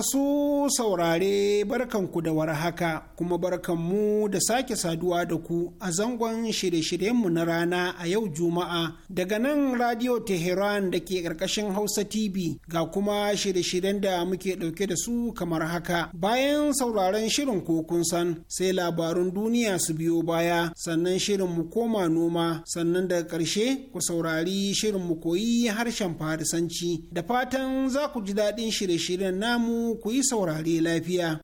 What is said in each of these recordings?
Masu saurare barkanku da warhaka kuma barkanmu da sake saduwa da ku a zangon shirye-shiryenmu na rana a yau Juma'a daga nan Radio Teheran da ke karkashin Hausa TV ga kuma shirye-shiryen da muke dauke da su kamar haka. Bayan sauraron shirin kokun san sai labarun duniya su biyo baya sannan shirin mu koma noma sannan daga karshe ku saurari shirin mu koyi harshen Farisanci da fatan za ku ji daɗin shirye-shiryen namu ku yi saurare lafiya.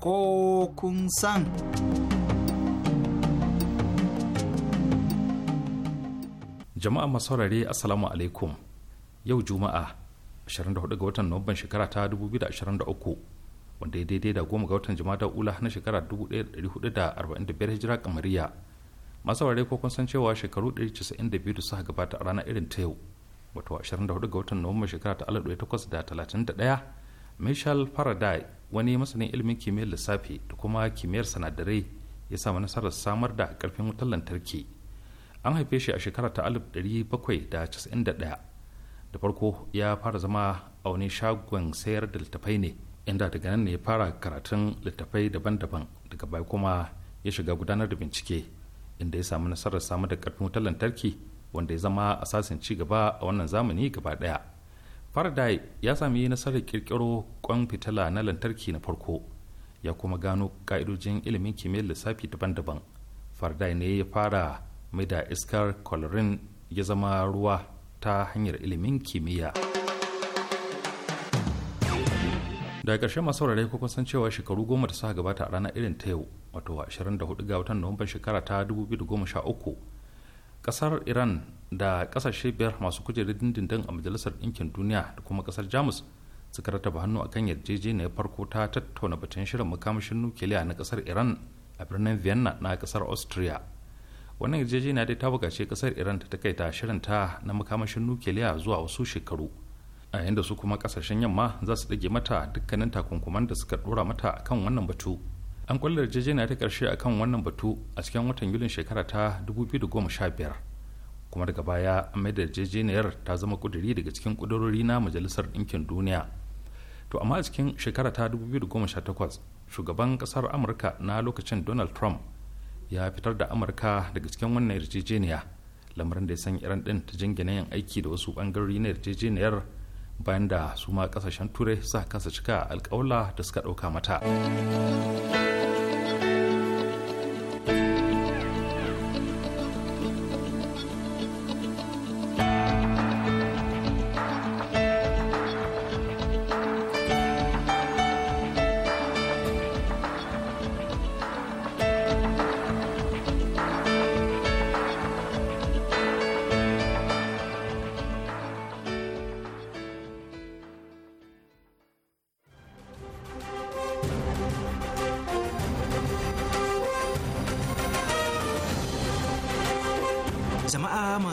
Ko kun san. Jama'a masaurare Assalamu alaikum. Yau Juma'a 24 ga watan Nuwamban shekara ta 2023. wanda ya daidai da goma ga watan jama'a ula na shekarar 1445 hijira kamariya masu ware ko kun san cewa shekaru 192 da suka gabata a ranar irin ta yau wato 24 ga watan nuwamban shekara ta 1831 michel faraday wani masanin ilimin kimiyyar lissafi da kuma kimiyyar sinadarai ya samu nasarar samar da karfin wutar lantarki an haife shi a shekara ta 1791 da farko ya fara zama a wani shagon sayar da littafai ne inda daga nan ne ya fara karatun littafai daban-daban daga baya kuma ya shiga gudanar da bincike inda ya samu nasarar samar da karfin wutar lantarki wanda ya zama asasin ci gaba a wannan zamani gaba daya faraday ya sami nasarar kirkiro kwan fitila na lantarki na farko ya kuma gano ka'idojin ilimin kimiyyar lissafi daban-daban faraday ne ya fara mai da iskar colorin ya zama ruwa ta hanyar ilimin kimiyya daga ƙarshen masu saurare ko san cewa shekaru goma da suka gabata a ranar irin ta yau wato 24 ga watan nuwamban shekara ta 2013 kasar iran da kasashe biyar masu kujerar dindindin a majalisar ɗinkin duniya da kuma kasar jamus suka rataba hannu a kan yarjejeniyar farko ta tattauna batun shirin makamashin nukiliya na kasar iran a birnin vienna na kasar austria wannan yarjejeniya dai ta bukaci kasar iran ta kai takaita ta na makamashin nukiliya zuwa wasu shekaru a yanda su kuma kasashen yamma za su dage mata dukkanin takunkuman da suka dora mata akan wannan batu an kwallar yarjejeniya ta karshe a kan wannan batu a cikin watan yulin shekara ta 2015 kuma daga baya an mai da ta zama kuduri daga cikin kudurori na majalisar ɗinkin duniya to amma a cikin shekara ta 2018 shugaban ƙasar amurka na lokacin donald trump ya fitar da amurka daga cikin wannan yarjejeniya lamarin da ya san iran din ta jingina yin aiki da wasu bangarori na yarjejeniyar bayan da su ma kasashen turai sa kasa cika alkawala da suka ɗauka mata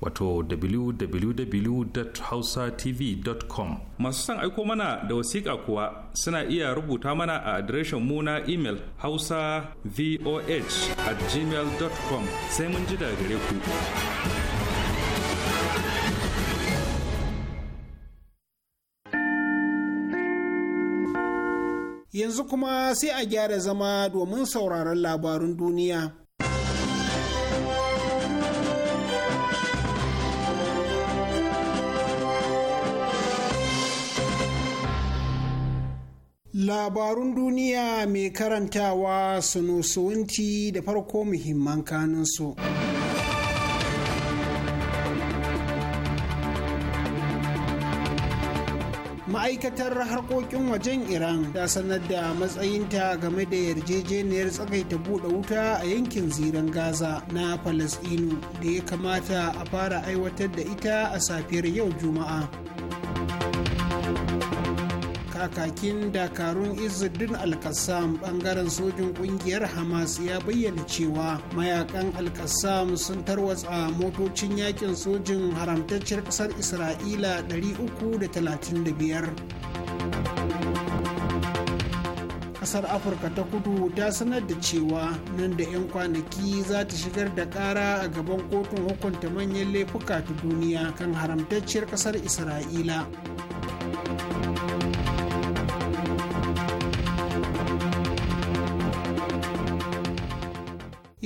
wato www.hausatv.com masu son aiko mana da wasiƙa kuwa suna iya rubuta mana a adireshin mu na imel hausa voh at gmail.com sai mun ji da gare ku yanzu kuma sai a gyara zama domin sauraron labarun duniya Labarun duniya mai karantawa sunusuwanti da farko muhimman kanunsu. ma'aikatar harkokin wajen iran ta sanar da matsayinta game da yarjejeniyar tsakaita buɗe wuta a yankin ziran gaza na falasɗinu da ya kamata a fara aiwatar da ita a safiyar yau juma'a kakakin dakarun izzuddin alkassam bangaren sojin kungiyar hamas ya bayyana cewa mayakan alkassam sun tarwatsa motocin yakin sojin haramtacciyar kasar isra'ila 335 kasar afirka ta kudu ta sanar da cewa nan da 'yan kwanaki za ta shigar da kara a gaban kotun hukunta manyan laifuka ta duniya kan haramtacciyar kasar isra'ila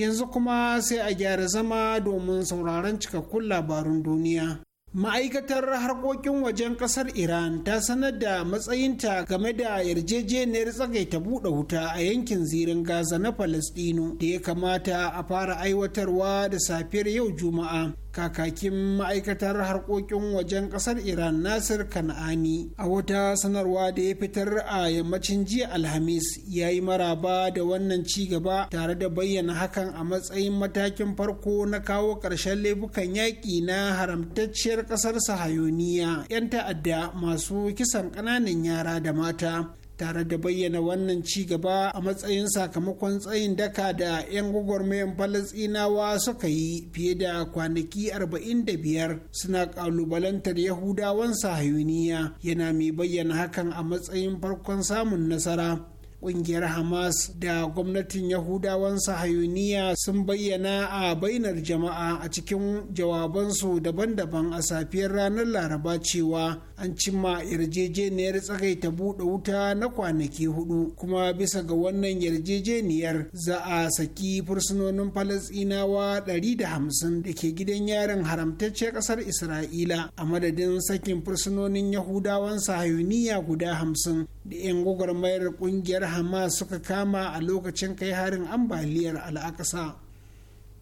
yanzu kuma sai a gyara zama domin sauraron cikakkun labarun duniya. Ma'aikatar harkokin wajen kasar Iran ta sanar da matsayinta game da yarjejeniyar tsagaita buɗe wuta a yankin zirin Gaza na Falasɗinu da ya kamata a fara aiwatarwa da safiyar yau Juma'a. kakakin ma'aikatar harkokin wajen kasar iran nasir kan'ani a wata sanarwa da ya fitar a yammacin jiya alhamis ya yi maraba da wannan ci gaba tare da bayyana hakan a matsayin matakin farko na kawo ƙarshen laifukan yaƙi na haramtacciyar ƙasar sahayoniya 'yan ta'adda masu kisan ƙananan yara da mata tare da bayyana wannan ci gaba a matsayin sakamakon tsayin daka da 'yan gwagwarmayan falasinawa suka yi fiye da kwanaki 45 suna kalubalantar yahudawan sahayuniya yana mai bayyana hakan a matsayin farkon samun nasara kungiyar hamas da gwamnatin yahudawan sahayuniya sun bayyana a bainar jama'a a cikin jawabansu daban-daban a safiyar ranar laraba cewa an cimma yarjejeniyar tsagaita buɗe wuta na kwanaki hudu kuma bisa ga wannan yarjejeniyar za a saki fursunonin falasinawa 150 da ke gidan yarin haramtacce ƙasar isra'ila a madadin sakin fursunonin yahudawan sahayuniya guda 50 da 'yan gwagwarmayar kungiyar hamas suka kama a lokacin kai harin ambaliyar al'akasa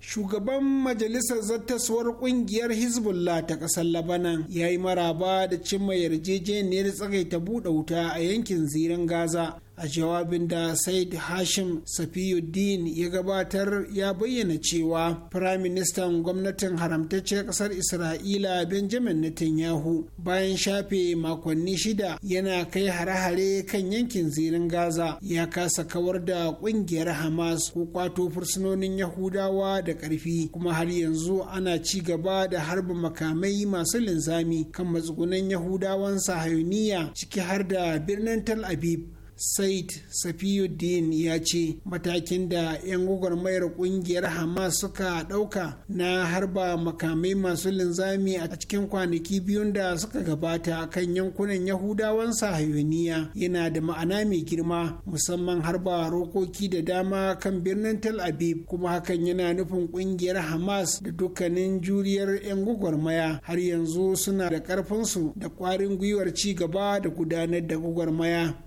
shugaban majalisar zartaswar ƙungiyar hezbollah ta ƙasar labanan ya yi maraba da cimma yarjejeniyar tsagaita buɗe wuta a yankin zirin gaza a jawabin da said hashim safiyuddin ya gabatar ya bayyana cewa firaministan gwamnatin haramtacciyar ƙasar isra'ila benjamin netanyahu bayan shafe makonni shida yana kai hare-hare kan yankin zirin gaza ya kasa kawar da ƙungiyar hamas ko kwato fursunonin yahudawa da ƙarfi kuma har yanzu ana ci gaba da harba makamai masu linzami kan matsugunan yahudawan sahayuniya ciki har da birnin tel aviv said safiyuddin ya ce matakin da 'yan gwagwarmayar kungiyar hamas suka ɗauka na harba makamai masu linzami a cikin kwanaki biyun da suka gabata kan yankunan yahudawan sahayuniya yana da ma'ana mai girma musamman harba rokoki da dama kan birnin tel aviv kuma hakan yana nufin kungiyar hamas da dukkanin juriyar 'yan gwagwarmaya har yanzu suna da ƙarfinsu da ƙwarin gwiwar ci gaba da gudanar da gwagwarmaya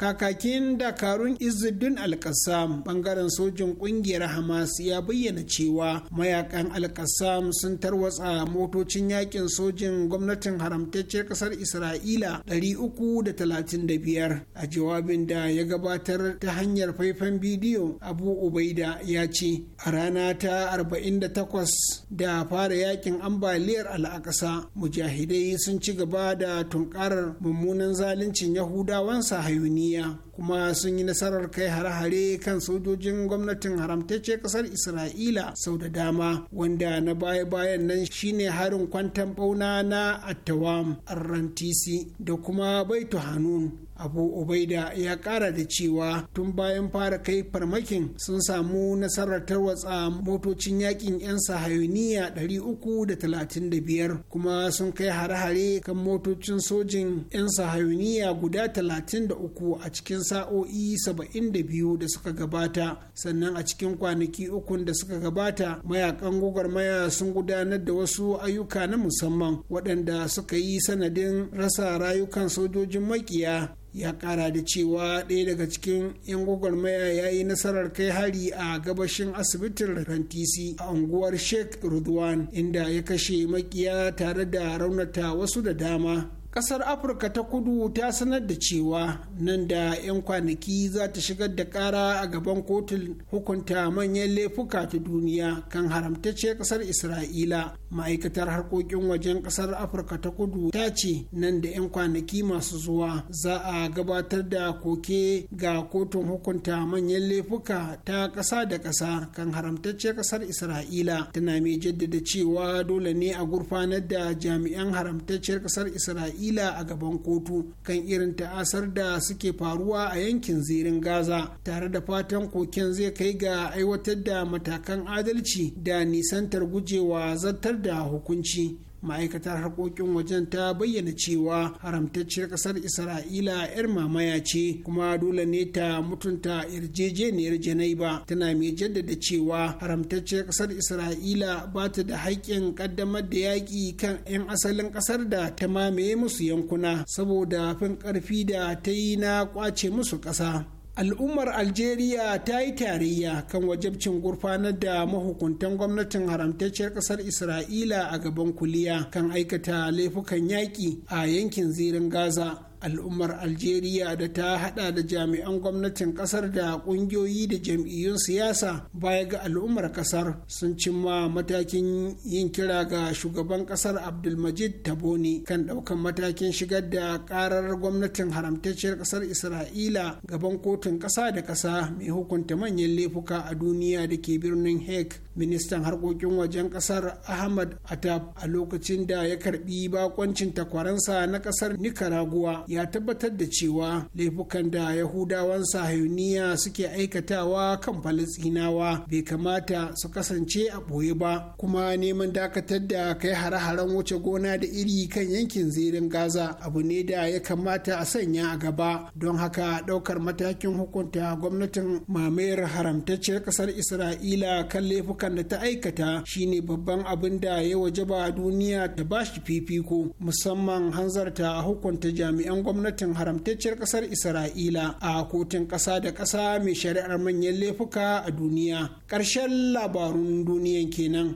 kakakin dakarun izzuddin alkassam bangaren sojin kungiyar hamas ya bayyana cewa mayakan alkasam sun tarwatsa motocin yakin sojin gwamnatin haramtacciyar kasar isra'ila 335 a jawabin da ya gabatar ta hanyar faifan bidiyo abu ubaida ya ce a rana ta 48 da fara yakin ambaliyar al'akasa mujahidai sun ci gaba da tunkarar mummunan zaluncin yahudawan sahayuni duniya kuma sun yi nasarar kai hare-hare kan sojojin gwamnatin haramtacce kasar isra'ila sau da dama wanda na baya-bayan nan shine harin kwantan bauna na attawam rntc da kuma baitu hanun abu obaida ya kara da cewa tun bayan fara kai farmakin sun samu nasarar tarwatsa motocin yakin 'yan sahayoniya 335 kuma sun kai hare-hare kan motocin sojin 'yan sahayoniya guda 33 a cikin sa'o'i 72 da suka gabata sannan a cikin kwanaki ukun da suka gabata mayakan gwagwarmaya sun gudanar da wasu ayyuka na musamman waɗanda suka yi sanadin rasa rayukan sojojin makiya ya kara da cewa ɗaya daga cikin 'yan gwagwarmaya ya yi nasarar kai hari a gabashin asibitin rantisi a unguwar sheikh rudwan inda ya kashe makiya tare da raunata wasu da dama kasar afirka ta kudu ta sanar da cewa nan da 'yan kwanaki za ta shigar da kara a gaban kotun hukunta manyan laifuka ta duniya kan haramtacce kasar isra'ila ma'aikatar harkokin wajen kasar afirka ta kudu ta ce nan da 'yan kwanaki masu zuwa za a gabatar da koke ga kotun hukunta manyan laifuka ta ƙasa da ƙasa kan haramtacce kasar isra'ila tana mai jaddada cewa dole ne a gurfanar da jami'an haramtacciyar kasar isra'ila isra'ila a gaban kotu kan irin ta'asar da suke faruwa a yankin zirin gaza tare da fatan koken zai kai ga aiwatar da matakan adalci da nisantar gujewa zartar da hukunci ma'aikatar harkokin wajen ta bayyana cewa haramtacciyar kasar isra'ila 'yar mamaya ce kuma dole ne ta mutunta yarjejeniyar janaiba tana mai jaddada cewa haramtacciyar kasar isra'ila ba ta da haƙƙin ƙaddamar da yaƙi kan 'yan asalin kasar da ta mamaye musu yankuna saboda fin ƙarfi da ta yi na ƙwace musu ƙasa al'ummar algeria ta yi tarayya kan wajabcin gurfanar da mahukuntan gwamnatin haramtacciyar ƙasar isra'ila a gaban kuliya kan aikata laifukan yaƙi a yankin zirin gaza al'ummar algeria da ta hada da jami'an gwamnatin kasar da kungiyoyi da jam'iyyun siyasa baya ga al'ummar kasar sun cimma matakin yin kira ga shugaban kasar abdulmajid taboni kan daukan matakin shigar da karar gwamnatin haramtacciyar kasar isra'ila gaban kotun kasa da kasa mai hukunta manyan laifuka a duniya da ke birnin hek ministan harkokin wajen kasar ahmad atab a lokacin da ya karbi bakoncin takwaransa na kasar nicaragua ya tabbatar da cewa laifukan da yahudawan sahiyuniya suke aikatawa kan falisinawa bai kamata su kasance a ɓoye ba kuma neman dakatar da kai hare-haren wuce gona da iri kan yankin zirin gaza abu ne da ya kamata a sanya a gaba don haka ɗaukar matakin hukunta gwamnatin mamayar haramtacciyar ƙasar isra'ila kan laifukan da ta aikata shine babban abin da ya waje ba duniya ta bashi fifiko musamman hanzarta hukunta jami'an gwamnatin haramtacciyar kasar isra'ila a kotun kasa da kasa mai shari'ar manyan laifuka a duniya ƙarshen labarun duniyan kenan.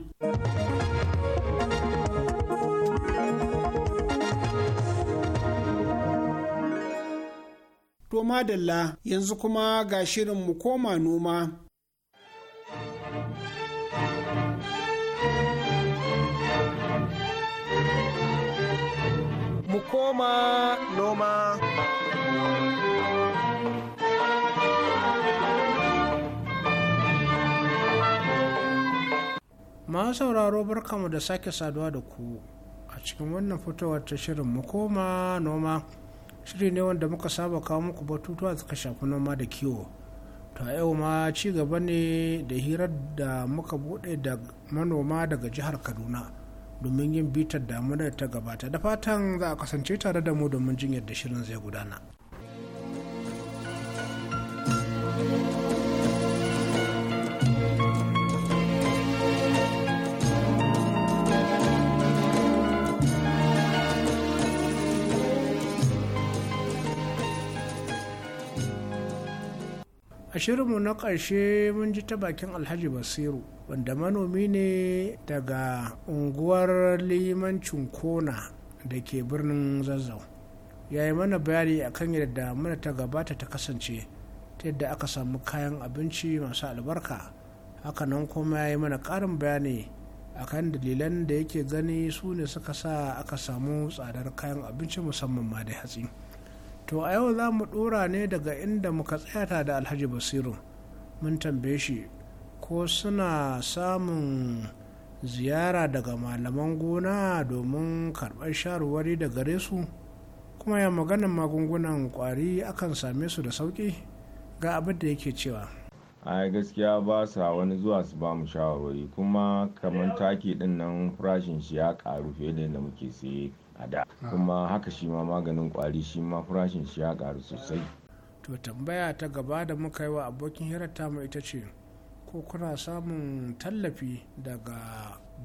To madalla yanzu kuma ga shirin mu koma noma koma noma. Masu sauraro barkamu da sake saduwa da ku a cikin wannan fitowar ta shirin mu koma noma. Shiri ne wanda muka saba kawo muku batutuwa suka shafi noma da kiwo. To a yau ma ci gaba ne da hirar da muka bude da manoma daga jihar Kaduna. domin yin bitar damunar ta gabata da fatan za a kasance tare da mu domin jin yadda shirin zai gudana. a shirinmu na ƙarshe mun ji ta bakin alhaji basiru wanda manomi ne daga unguwar limancin kona da ke birnin zazzau ya yi mana bayani akan yadda mana ta gabata ta kasance ta yadda aka samu kayan abinci masu albarka hakanan kuma ya yi mana ƙarin bayani akan dalilan da yake gani su ne suka sa aka samu tsadar kayan abinci musamman ma da hatsi. to a yau za mu ɗora ne daga inda muka tsayata da alhaji basiru mun tambaye shi ko suna samun ziyara daga malaman gona domin karɓar shawarwari da gare su kuma ya maganin magungunan kwari akan same su da sauƙi ga abin da yake cewa a gaskiya ba sa wani zuwa su ba mu shawarwari kuma kamar taki din nan farashin shi ya ƙaru fiye da muke siye a da kuma haka shi ma maganin kwari shi ma farashin shi ya karu sosai to tambaya ta gaba da muka yi wa abokin hirarta mu ita ce ko kuna samun tallafi daga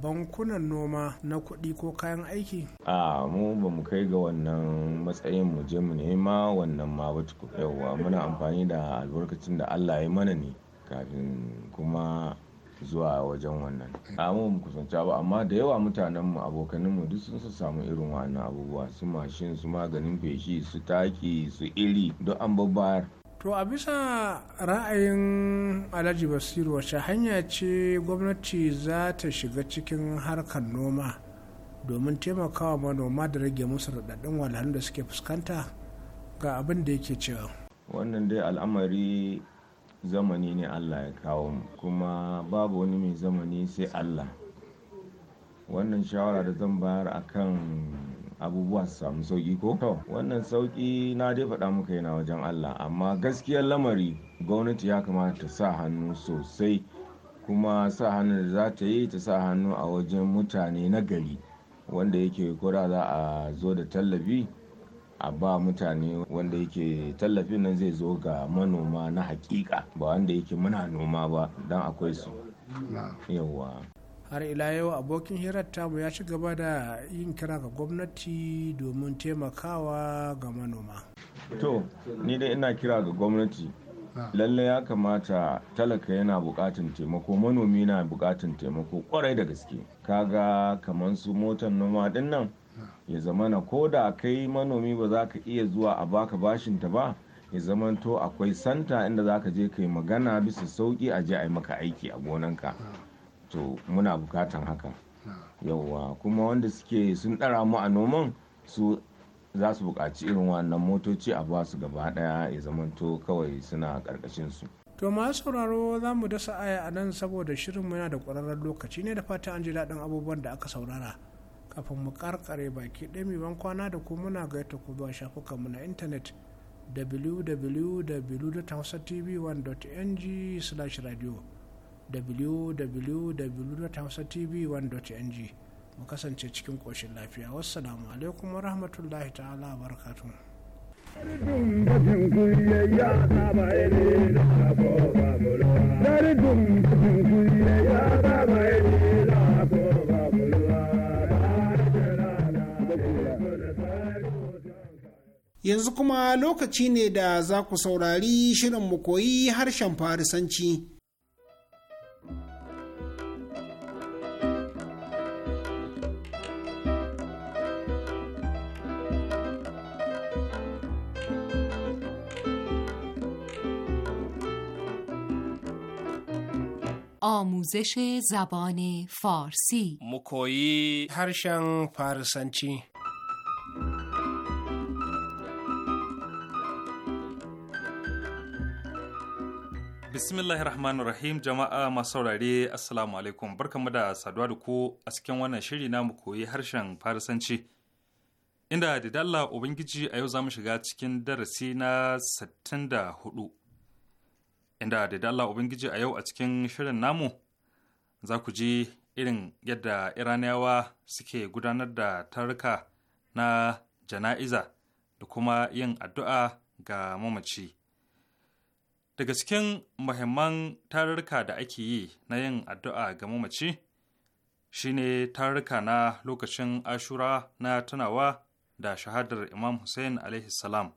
bankunan noma na kuɗi ko kayan aiki? a mu ba mu kai ga wannan matsayin mu je mu nema wannan ma ba yauwa muna amfani da albarkacin da allah ya mana ne kafin kuma zuwa wajen wannan mu mu kusanta ba amma da yawa mutanen mu abokanin duk sun samu irin wannan abubuwa su mashin su maganin feshi su taki su iri duk an babbayar to a bisa ra'ayin alhaji basiru wace hanya ce gwamnati za ta shiga cikin harkar noma domin taimakawa manoma da rage musu raɗaɗɗen walhalun da suke fuskanta ga abin da yake cewa wannan dai al'amari zamani ne Allah ya kawo mu kuma babu wani mai zamani sai Allah wannan shawara da zan bayar akan abubuwa su samu sauki ko to wannan sauki na dai faɗa muka yana wajen Allah amma gaskiyar lamari gwamnati ya kamata ta sa hannu sosai kuma sa hannu da za ta yi ta sa hannu a wajen mutane na gari wanda yake kura za a zo da tallafi a ba mutane wanda yake tallafin nan zai zo ga manoma na hakika ba wanda yake muna noma ba don akwai su yawa har ila yau abokin hirar tamu ya ci gaba da yin kira ga gwamnati domin taimakawa ga manoma to ni dai ina kira ga gwamnati lallai ya kamata talaka yana bukatun taimako manomi na bukatun taimako kwarai da gaske kaga kamar su motar noma din nan ya zamana ko da kai manomi ba za ka iya zuwa a baka bashin ta ba ya zamanto akwai santa inda za ka je ka yi magana bisa sauki a je a yi maka aiki a gonanka to muna bukatan haka yauwa kuma wanda suke sun ɗara mu a noman su za su buƙaci irin wannan motoci a basu gaba ɗaya ya zamanto kawai suna ƙarƙashin su to masu sauraro za mu dasa aya a nan saboda shirin muna da ƙwararren lokaci ne da fata an ji daɗin abubuwan da aka saurara kafin mu karkare baki ɗaya mai ban kwana da ku muna gaita ku zuwa mu na intanet www.hausatv1.ng slash radio www.hausatv1.ng mu kasance cikin ƙoshin lafiya wassalamu alaikum wa rahmatullahi ta'ala wa barakatu Dari dum dum kuye ya yanzu kuma lokaci ne da za ku saurari shirin mu koyi harshen farisanci. آموزش زبان فارسی مکویی هرشن فارسنچی Bismillahir Rahmanir Rahim jama'a masu saurare Assalamu alaikum barkanmu da saduwa da ku a cikin wannan shiri na mu koyi harshen Farisanci. Inda da dalla Ubangiji a yau za mu shiga cikin darasi na 64. Inda da dalla Ubangiji a yau a cikin shirin namu za ku ji irin yadda Iraniyawa suke gudanar da taruka na jana'iza da kuma yin addu'a ga mamaci. Daga cikin muhimman tarurruka da ake yi na yin addu'a ga mamaci shine tarurruka na lokacin ashura na tunawa da shahadar Imam Hussein alaihi salam.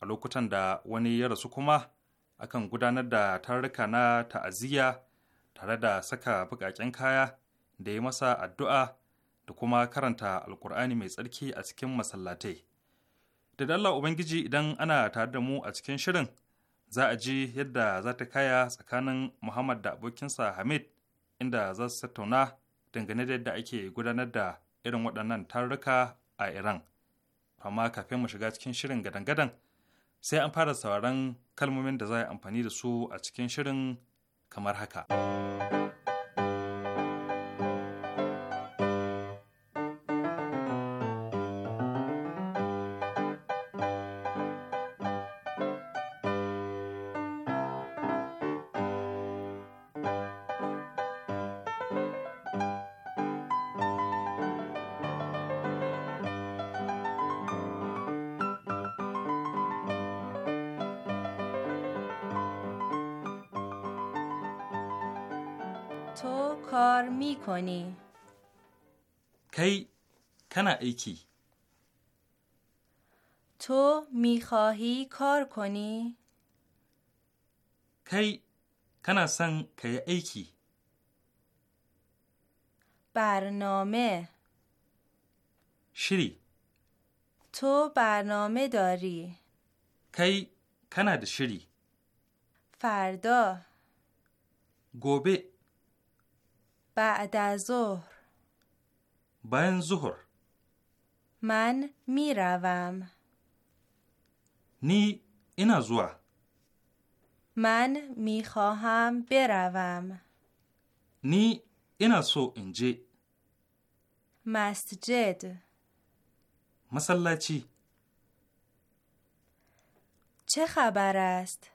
A lokutan da wani ya rasu kuma akan gudanar da tarurruka na ta'aziyya tare da saka buƙaƙen kaya da ya masa addu'a da kuma karanta alkur'ani mai tsarki a cikin masallatai. Da Allah Ubangiji idan ana tare da mu a cikin shirin za a ji yadda za ta kaya tsakanin Muhammad da abokinsa Hamid inda za su tattauna dangane da yadda ake gudanar da irin waɗannan tarurruka a Iran. Amma kafin mu shiga cikin shirin gadan-gadan sai an fara sauraron kalmomin da za a yi amfani da su a cikin shirin kamar haka. تو کار می کنی کی کنا ایکی تو می خواهی کار کنی کی کنا سن کی ایکی برنامه شری تو برنامه داری کی کنا شری فردا گوبه بعد از ظهر باین ظهر من میروم نی اینا زوا من میخواهم بروم نی اینا سو انجی مسجد مسلاچی چه خبر است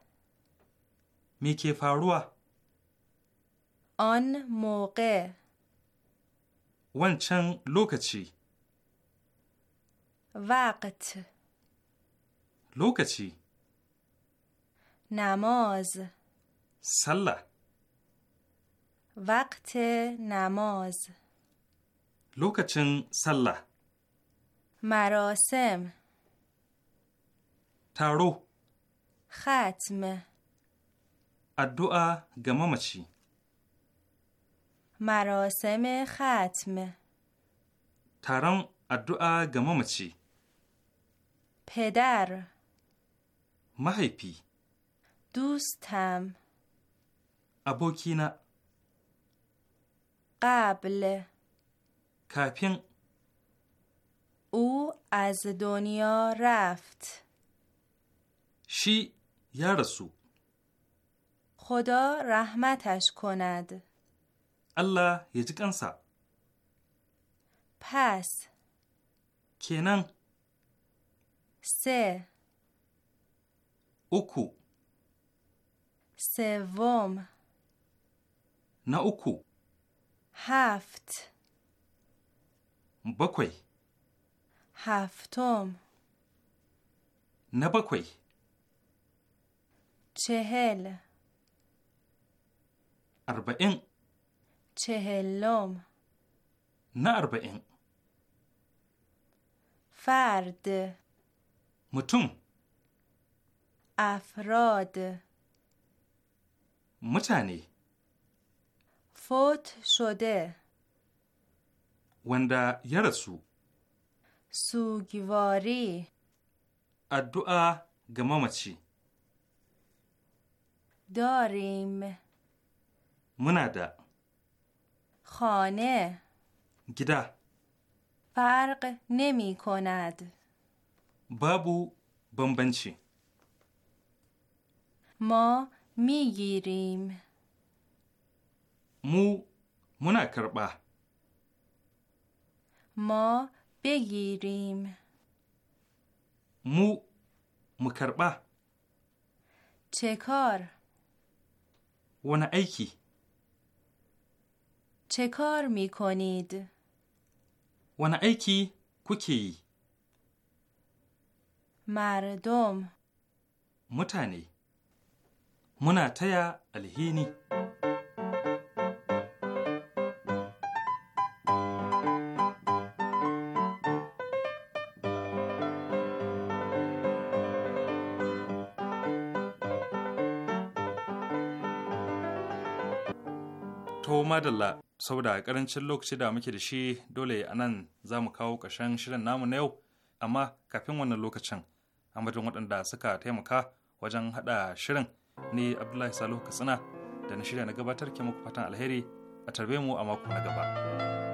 میکی فاروه آن موقع wancan lokaci وقت lokaci نماز sallah وقت نماز lokacin sallah مراسم taro ختم addu'a ga mamaci مراسم ختم تران ادعا گمامچی پدر محیپی دوستم ابوکینا قبل کپین او از دنیا رفت شی یا خدا رحمتش کند Allah ya ji kansa. Pass. Kenan. Se. Uku. Sevom. na uku Haft. bakwai Haftom. na bakwai Chehel. arba'in چهلم نه این فرد متون افراد متانی فوت شده وندا یرسو سوگواری الدعا گمامچی داریم منادا خانه گده فرق نمی کند بابو بمبنچی ما میگیریم مو منا ما بگیریم مو مکربه چه کار ونه ایکی چه کار Wani aiki kuke yi? Mardom. Mutane, muna taya alhini. To madalla saboda karancin lokaci da muke da shi dole a nan za mu kawo ƙarshen shirin namu na yau amma kafin wannan lokacin a madadin waɗanda suka taimaka wajen haɗa shirin ni abdullahi salihu katsina da na shirya na gabatar ke muku fatan alheri a tarbe mu a mako na gaba.